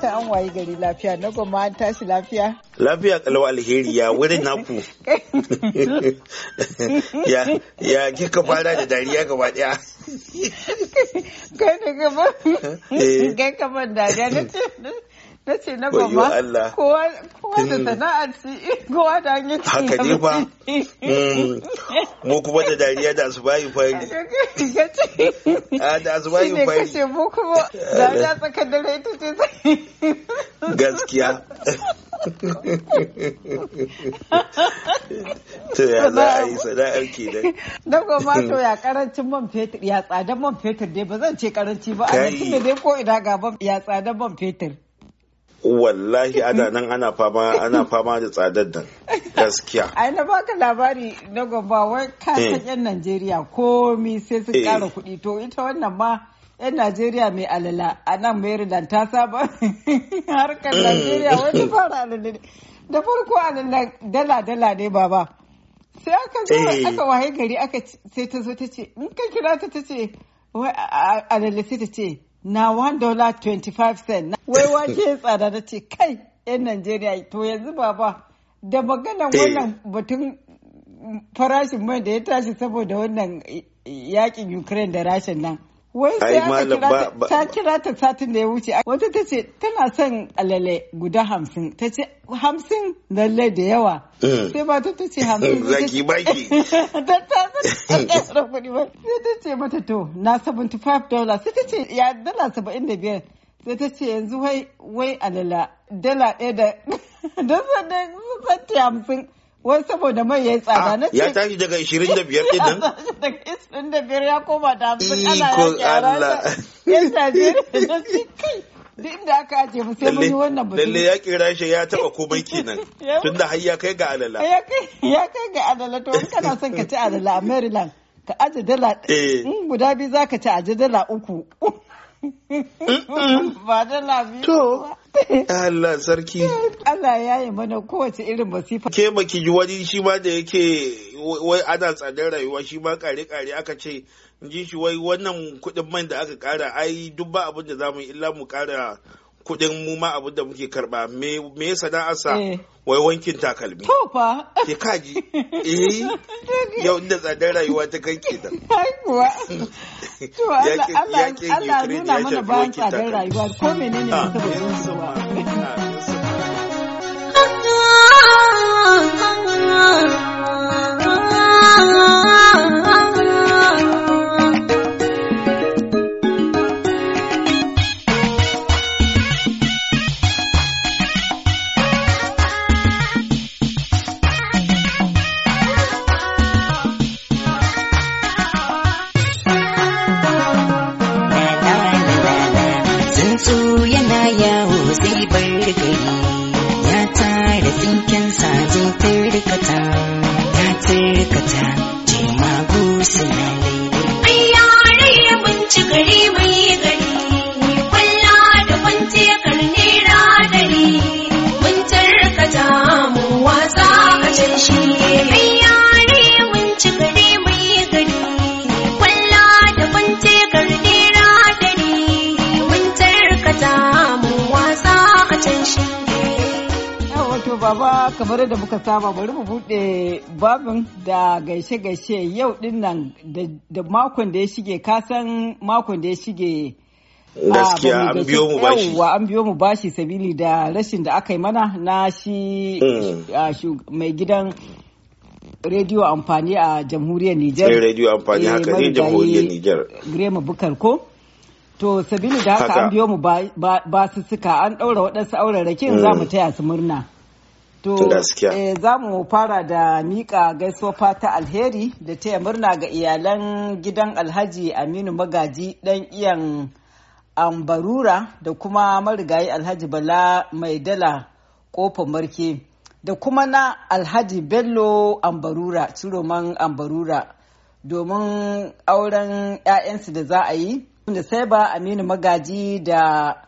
fata an wayi gari lafiya na goma an tashi lafiya. Lafiya kalwa alheri ya wurin naku. Ya kika fara da dariya gaba daya. Kai da gaba. Eh. Kai kamar dariya na ce. na ce na gaba kowa da hmm. sana'ar ci kowa da hanyar ci haka ne ba hmm. hmm. mu kuma da dariya da su bayi fari a ah, da su bayi fari kashe mu kuma da eh. tsaka da dare ita ce gaskiya to ya za a yi sana'ar ke dai na goma to ya karancin man fetur ya tsadan man fetur dai ba zan ce karanci ba a yanzu dai ko ina gaban ya tsadan man fetur wallahi ana nan ana fama ana fama da tsadar da gaskiya ai na baka labari na gaba wai ka eh. yan Najeriya komi sai su kara eh. kuɗi to ita wannan ma yan Najeriya mai alala a nan Maryland ta saba harkar mm. Najeriya wai ta fara alala da farko alala dala dala ne baba sai aka zo eh. aka waye gari aka sai ta zo ta ce in ka kira ta ta ce wai alala sai ta ce na 1 dollar 25 cent wai wake tsada na ce kai yan Najeriya to yanzu baba da maganan eh. wannan batun farashin mai da ya tashi saboda wannan yakin Ukraine da rashin nan Wai sai ta kira ta satin da ya wuce. Wata ta ce tana son alale guda hamsin. Ta ce hamsin lalle da yawa. Eh. Sai ba ta ce hamsin. Zaki baki. Ta ta tsara ta ce mata to na 75 dollars. Sai ta ce ya dala 75. Sai ta ce yanzu wai alala dala ɗaya da. Da sannan hamsin. wai saboda mai yayi tsada ah, na ce ya tashi daga 25 din nan daga 25 ya koma da 50 ana ya kyara yan ya na ce kai duk da aka ajiye mu sai mun yi wannan batu lalle ya kira shi ya taba komai kenan tunda har ya kai ga alala ya kai ga alala to kana son ka ci alala a Maryland ka aje dala eh. in guda biyu za ka ci aje dala uku mm, mm. ba dala biyu ba. Allah sarki. Allah ya yi mana kowace irin masifa. Ke maki ji wani shi ma da yake wai ana tsadar rayuwa shi ma kare-kare aka ce ji shi wai wannan kuɗin man da aka kara ai duk ba abin da za mu illa mu kara kuɗin mu ma abin da muke karba me me sa wai wankin takalmi to fa ke kaji eh yau da tsadar rayuwa ta kai ke da to Allah Allah nuna mana bayan tsadar rayuwa ko menene ne ka baba kamar da muka saba bari mu bude babin da gaishe-gaishe yau din nan da makon da ya shige kasan makon da ya shige ah, gaskiya an biyo mu bashi yawwa an biyo mu bashi sabili da rashin da aka yi mana na shi mm. ah, mai gidan rediyo amfani a jamhuriyar Nijar. rediyo amfani eh, haka ne eh, jamhuriyar Nijar. Grema Bukar ko? To sabili da haka an biyo mu ba su suka an ɗaura waɗansu rakin za mu mm. taya su murna. To, eh, za mu fara da mika gaisuwa fata alheri da taya murna ga iyalan gidan alhaji Aminu Magaji dan iyan ambarura da kuma marigayi alhaji Bala mai dala kofin marke da kuma na alhaji Bello ambarura ciroman ambarura domin auren 'ya'yansu da za a yi da sai ba Aminu Magaji da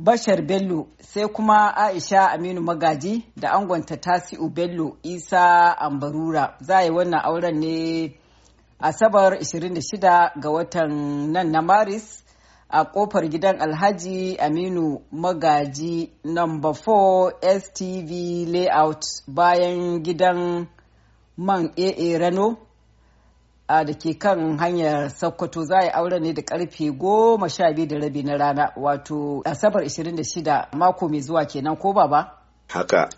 Bashar Bello sai kuma Aisha Aminu Magaji da angonta Tasi'u Bello Isa Ambarura za a yi wannan auren ne Asabar 26 ga watan nan na Maris a kofar gidan Alhaji Aminu Magaji No. 4 STV Layout bayan gidan man AA Rano da ke kan hanyar Sokoto za a yi auren ne da karfe goma sha biyu da rabi na rana wato Asabar 26 mako mai zuwa kenan ko ba. Haka.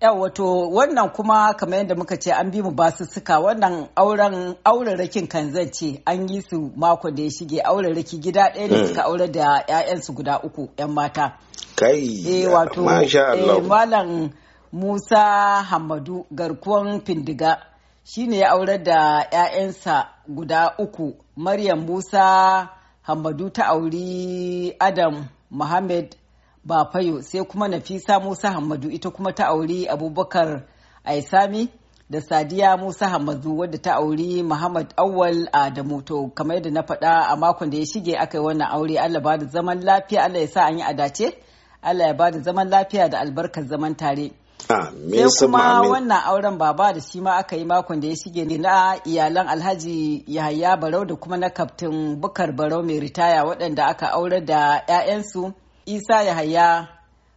Yau wato wannan kuma kamar yadda muka ce an bi mu basussuka wannan auren aurarakin kan ce an yi su mako da ya shige aurarraki gida ɗaya ne hmm. suka aure da 'ya'yansu guda uku 'yan mata. Kai, e, E, Malam Musa Hamadu garkuwan Findiga Shi ne ya aurar da 'ya'yansa guda uku maryam musa hamadu ta auri adam muhammad bafayo sai kuma nafisa musa hamadu ita kuma ta auri abubakar aisami da sadiya musa hamadu wadda ta auri muhammad awal adamu to kamar yadda na faɗa a makon da ya shige aka yi wannan aure allah ba da zaman lafiya allah ya sa an yi adace allah ya ba da zaman lafiya da albarkar zaman tare Sai kuma wannan auren baba da shi ma aka yi makon da ya shige ne na iyalan Alhaji Yahaya Barau da kuma na kaftin Bukar Barau mai ritaya waɗanda aka aure da 'ya'yansu Isa Yahaya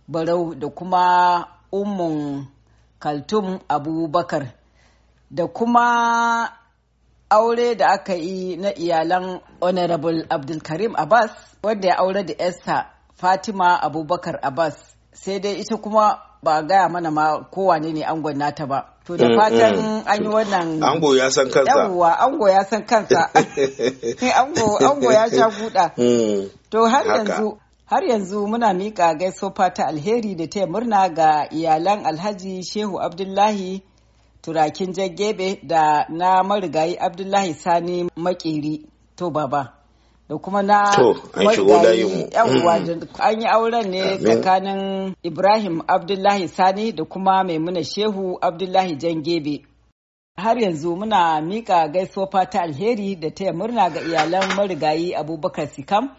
Barau da kuma Ummun Kaltum Abubakar da kuma aure da aka yi na iyalan Honorable Abdulkarim Abbas wanda ya aure da Esther Fatima Abubakar Abbas sai dai ita kuma ba gaya mana ma kowane ne angon nata ba to da mm, fatan mm. an yi wannan ango ya san kansa yawwa ango ya san kansa ango ya sha guda mm. to har yanzu har yanzu muna miƙa gaisofa ta alheri da ta murna ga iyalan alhaji shehu abdullahi turakin jaggebe da na marigayi abdullahi sani Makiri. to baba da kuma na yan mm. an yi auren ne tsakanin ibrahim abdullahi sani da kuma maimuna shehu abdullahi jangebe har yanzu muna mika gaisuwa fata alheri da taya murna ga iyalan marigayi abubakar sikam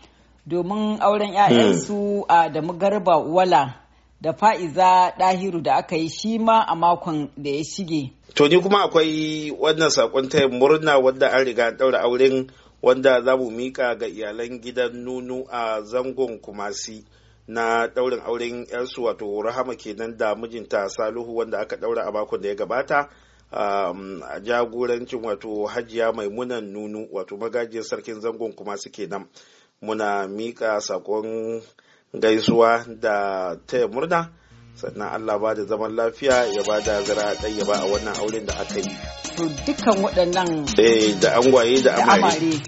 domin auren 'ya'yansu mm. a da garba wala da fa'iza ɗahiru da aka yi shi ma a makon da ya shige. To ni kuma akwai wannan sakon taya murna wadda an riga an ɗaura auren wanda za mu mika ga iyalan gidan nunu a zangon kumasi na daurin auren yarsu wato rahama kenan da mijinta saluhu wanda aka daura a makon da ya gabata a um, jagorancin wato hajiya maimunan nunu wato magajiyar sarkin zangon kumasi kenan muna mika sakon gaisuwa da taya murna sannan allah ba da zaman lafiya ya ba da zira ba a wannan auren da aka yi wato dukkan waɗannan eh, da angwaye da amare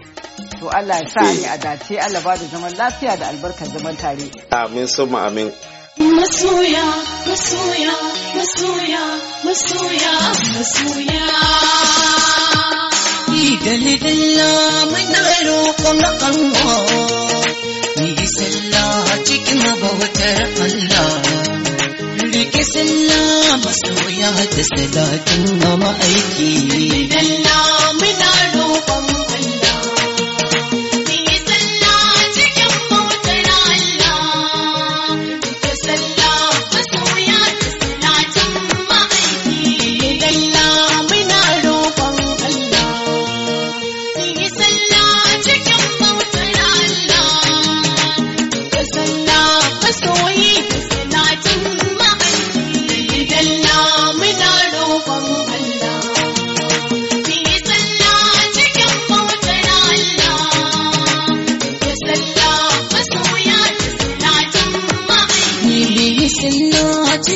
to Allah ya sa ni a eh. dace Allah ba da zaman lafiya da albarkar zaman tare amin summa amin masoya masoya masoya masoya masoya idal dalla muna roƙon kanwa ni sallah cikin bautar Allah sallama soya da sadatun ga ma'aiki. Dalla muna roƙon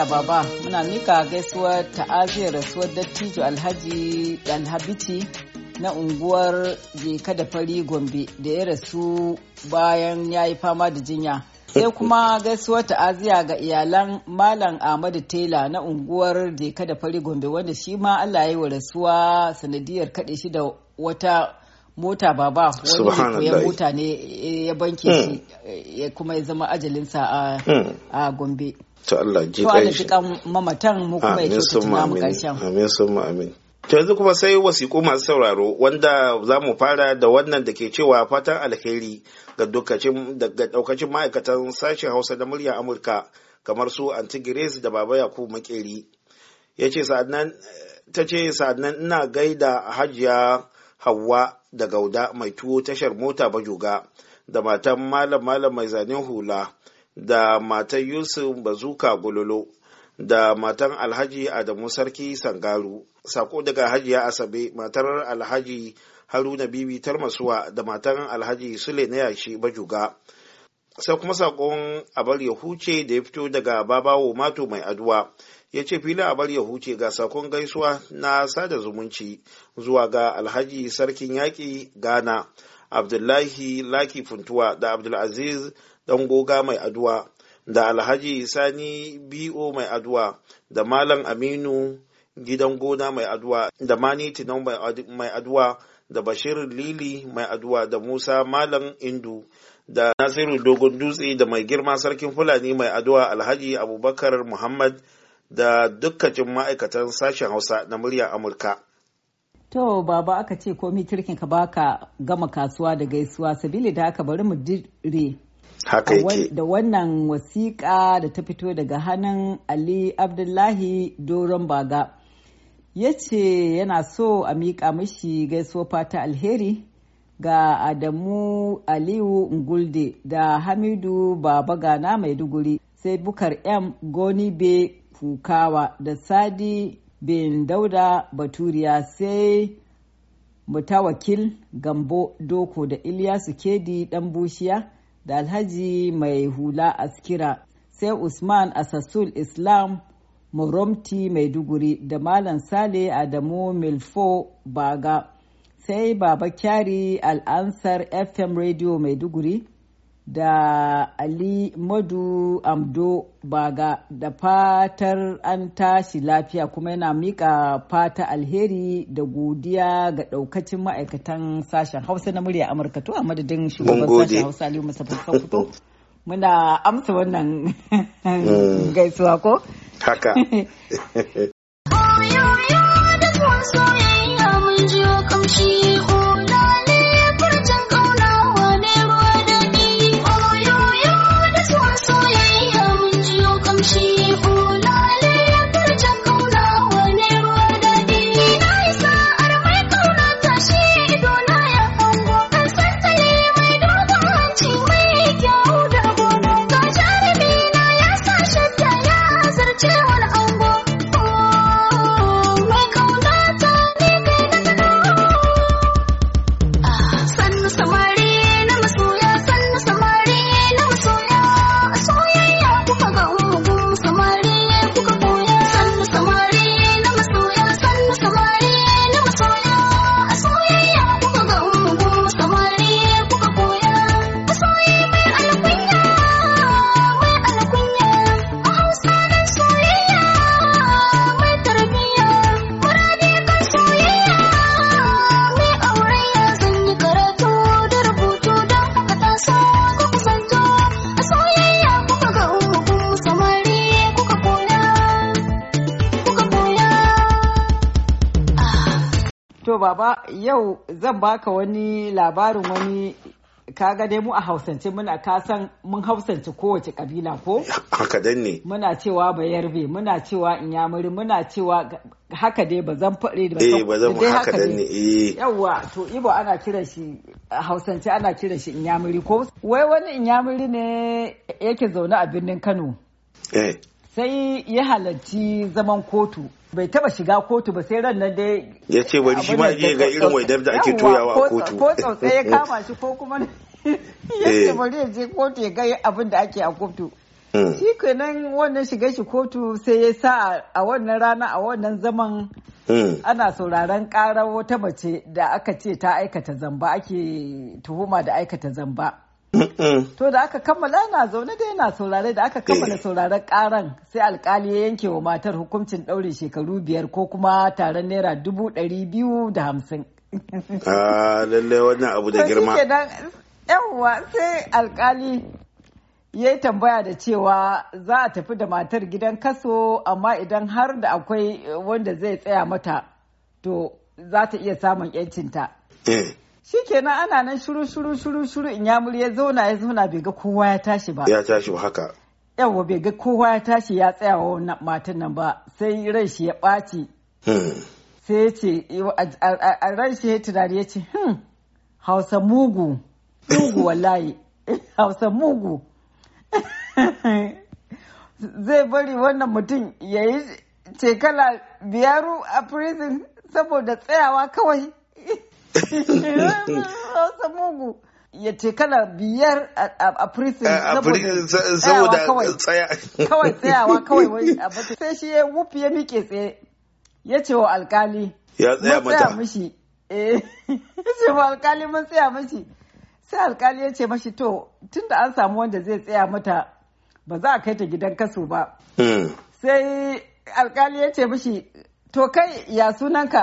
lafiya baba muna mika gaisuwar ta'aziyar rasuwar dattijo alhaji habiti na unguwar jeka da fari gombe da ya rasu bayan ya yi fama da jinya sai kuma gaisuwar ta'aziya ga iyalan malam ahmadu tela na unguwar jeka da fari gombe wanda shi ma allah ya yi wa rasuwa sanadiyar kaɗe shi da wata mota baba wani ya mota ne ya banke shi hmm. kuma ya zama ajalinsa a hmm. gombe to Allah ji kai shi mamatan mu kuma amin sun amin to yanzu kuma sai wasiƙu masu sauraro wanda za mu fara da wannan da ke cewa fatan alheri ga ɗaukacin ma'aikatan sashen hausa da murya amurka kamar su anti grace da baba yakubu makeri ya ce ta ce sa'adnan ina gaida hajiya hawa da gauda mai tuwo tashar mota bajoga da matan malam malam mai zanen hula da matan yusuf bazuka gololo da matan alhaji adamu sarki sangaru sako daga hajiya asabe matar alhaji haruna bibi tarmasuwa da matan alhaji sule na yashi bajuga sai kuma sakon abar ya huce da ya fito daga babawo mato mai aduwa ya ce fili abar ya huce ga sakon gaisuwa na sada zumunci zuwa ga alhaji sarkin yaƙi ghana abdullahi laki funtuwa da abdulaziz ɗan goga mai aduwa da alhaji sani bo mai aduwa da malam aminu gidan gona mai aduwa da mani tinau mai aduwa da bashir lili mai aduwa da musa malam indu da nasiru dogon dutse da mai girma sarkin fulani mai aduwa alhaji abubakar muhammad da dukkacin ma'aikatan sashen hausa na muryar amurka To baba aka ce komi kirkin ka baka gama kasuwa da gaisuwa sabili da aka bari mu dire da wannan wasiƙa da ta fito daga hannun ali abdullahi doron baga ya ce yana so a miƙa mashi gaisuwa fata alheri ga adamu aliyu ngulde da hamidu babagana maiduguri sai bukar m goni be fukawa da sadi bin dauda baturiya sai mutawakil gambo doko da ilyasu kedi dan bushiya da alhaji mai hula askira sai usman asasul islam muromti maiduguri da malam sale adamu milfo baga sai baba kyari al'ansar fm radio maiduguri da ali madu amdo baga da fatar an tashi lafiya kuma yana mika fata alheri da godiya ga daukacin ma'aikatan sashen hausa na murya amurka to a madadin shugaban sashen hausa aliyu musafafan fito muna amsa wannan mm. gaisuwa ko haka I'm in your country. baba yau zan baka wani labarin wani kaga dai mu a hausance muna kasan mun hausance kowace kabila ko haka dan ne muna cewa bayarbe muna cewa inyamuri muna cewa haka dai ba zan faɗe ba eh ba zan haka dan ne eh yawa to ibo ana kiran shi hausance ana kiran shi inyamuri ko wai wani inyamuri ne yake zaune a birnin Kano eh sai ya halarci zaman kotu bai taba shiga kotu ba sai ran nan dai ya ce wani shi ma je ga irin waidar da ake toyawa a kotu ko tsotsai ya kama shi ko kuma eh. ya ce bari ya je kotu ya ga abin da ake a kotu hmm. shi kenan wannan shiga shi kotu sai ya sa a wannan rana a wannan zaman hmm. ana sauraron karar wata mace da aka ce ta aikata zamba ake tuhuma da aikata zamba To da aka kammala yana zaune da yana saurare da aka kammala eh. sauraren karan sai alkali ya yanke wa matar hukuncin ɗaurin shekaru biyar ko kuma taron naira dubu ɗari biyu da hamsin. A ah, lalle wannan abu da girma. Yawwa sai alkali ya yi tambaya da cewa za a tafi da matar gidan kaso amma idan har da akwai wanda zai tsaya mata to za ta iya samun 'yancinta. Eh. shikenan ana nan shuru shuru shuru shuru in ya ya zauna ya zauna bai ga kowa ya tashi ba ya tashi haka yawa bai ga kowa ya tashi ya tsaya wa wannan matan nan ba sai ran shi ya ɓaci hmm. sai ya ce a ran shi ya tunani ya ce hmm, hausa mugu mugu wallahi hausa mugu zai bari wannan mutum ya yi shekala biyaru a prison saboda tsayawa kawai mugu ya ce kana biyar a prison saboda kawai tsayawa kawai wai sai shi ya wufi ya mike tsaye ya ce wa alkali ya tsaya mata mishi eh ce wa alkali mun tsaya mishi sai alkali ya ce mashi to tunda an samu wanda zai tsaya mata ba za a kai ta gidan kaso ba hmm. sai alkali ya ce mashi to kai ya sunanka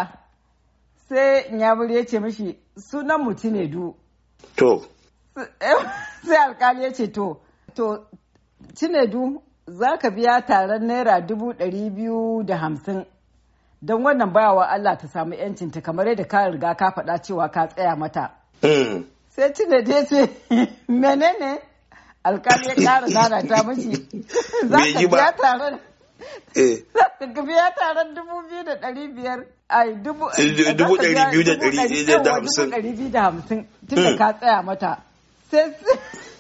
sai nyamuri ya ce mashi sunan mutu ne du to sai alkali ya ce to to cinedu za ka biya taron naira dubu ɗari biyu da hamsin don wannan bayawa Allah ta samu yancinta kamar yadda ka riga ka faɗa cewa ka tsaya mata. Hmm. Sai cinedu ya ce menene alkali ya ƙara zana mashi za ka biya taron Gafi eh. ya taron dubu biyu da ɗari biyar. Ai, dubu eh, ɗari biyu da ɗari eh, da hamsin. Dubu ɗari biyu da hamsin. Tunda hmm. ka tsaya mata. Sai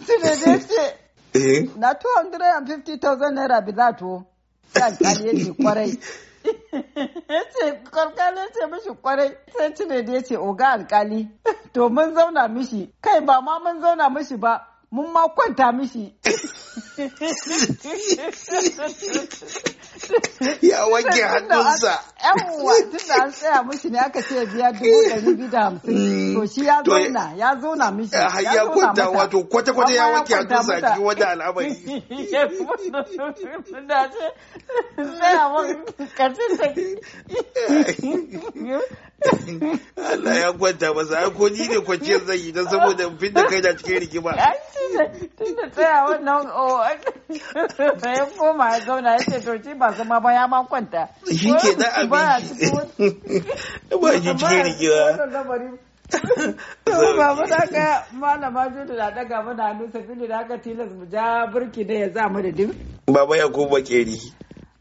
Sule ce. Na 250,000 naira bi za to. Sai alƙali ya ce kwarai. yace karkali yace mishi kwarai sai ne da yace oga alkali to mun zauna mishi kai ba ma mun zauna mishi ba mun ma kwanta mishi. Ya wanke hannunsa. Yawwa tun da an tsaya mishi ne aka ce biya dubu ɗari biyu da hamsin. Mm. To shi ya zauna ya zauna mishi. Ah, ya kwanta wato kwata kwata ya wanke hannunsa a cikin wani al'amari. Da ce tsaya wani karfin Allah ya kwanta masa ko ni ne kwanciyar zai yi don saboda fin da kai da cikin rigima. tun da tsaya wannan oh, ya koma ya zauna ya ce to shi ba zama ba ya ma kwanta shi ke da abin ba shi cikin rigima to ba mu daga malama Judu na daga mana hannu sabili da haka tilas mu ja burki da ya zama da dim baba ya ko bakeri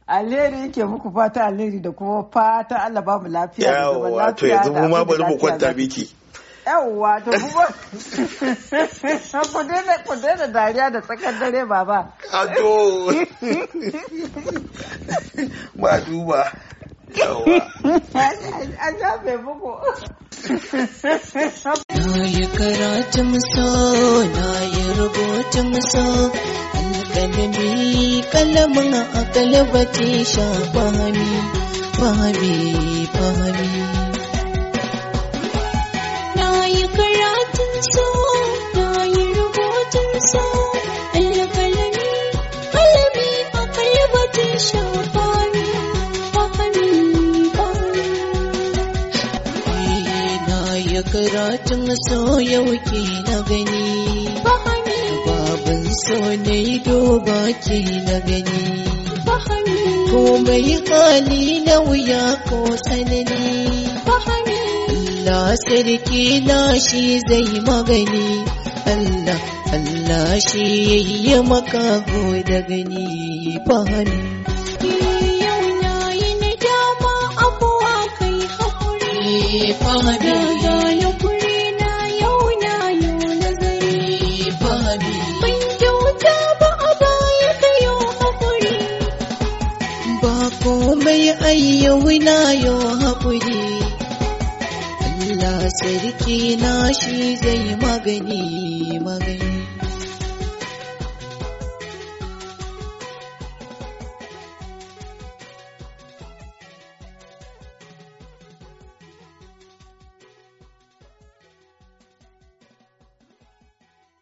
alheri yake muku fata alheri da kuma fata Allah ba mu lafiya da zaman lafiya yawa to yanzu mu ma bari mu kwanta biki yawwa to ku daina dariya da tsakar dare baba ado ba duba an shafe buku na yi karatun so na yi rubutun so alƙalami kalamin a kalabati sha fahami fahami so na yi rubutun so alƙalami ƙalami a kalbatin shafari ƙwari ƙwari na yi karatun so yau ke na gani babin so na yi doba ke na gani komai hali na wuya ko tsanani Allah sarki na shi zai magani Allah Allah shi yayye maka da gani fahani yau na yi na dama abuwa kai haƙuri eh, fahani da na kuri na yau na yi nazari fahani ban kyauta ba a baya kayo haƙuri ba komai ayyawi na yau haƙuri Allah sarki na shi zai magani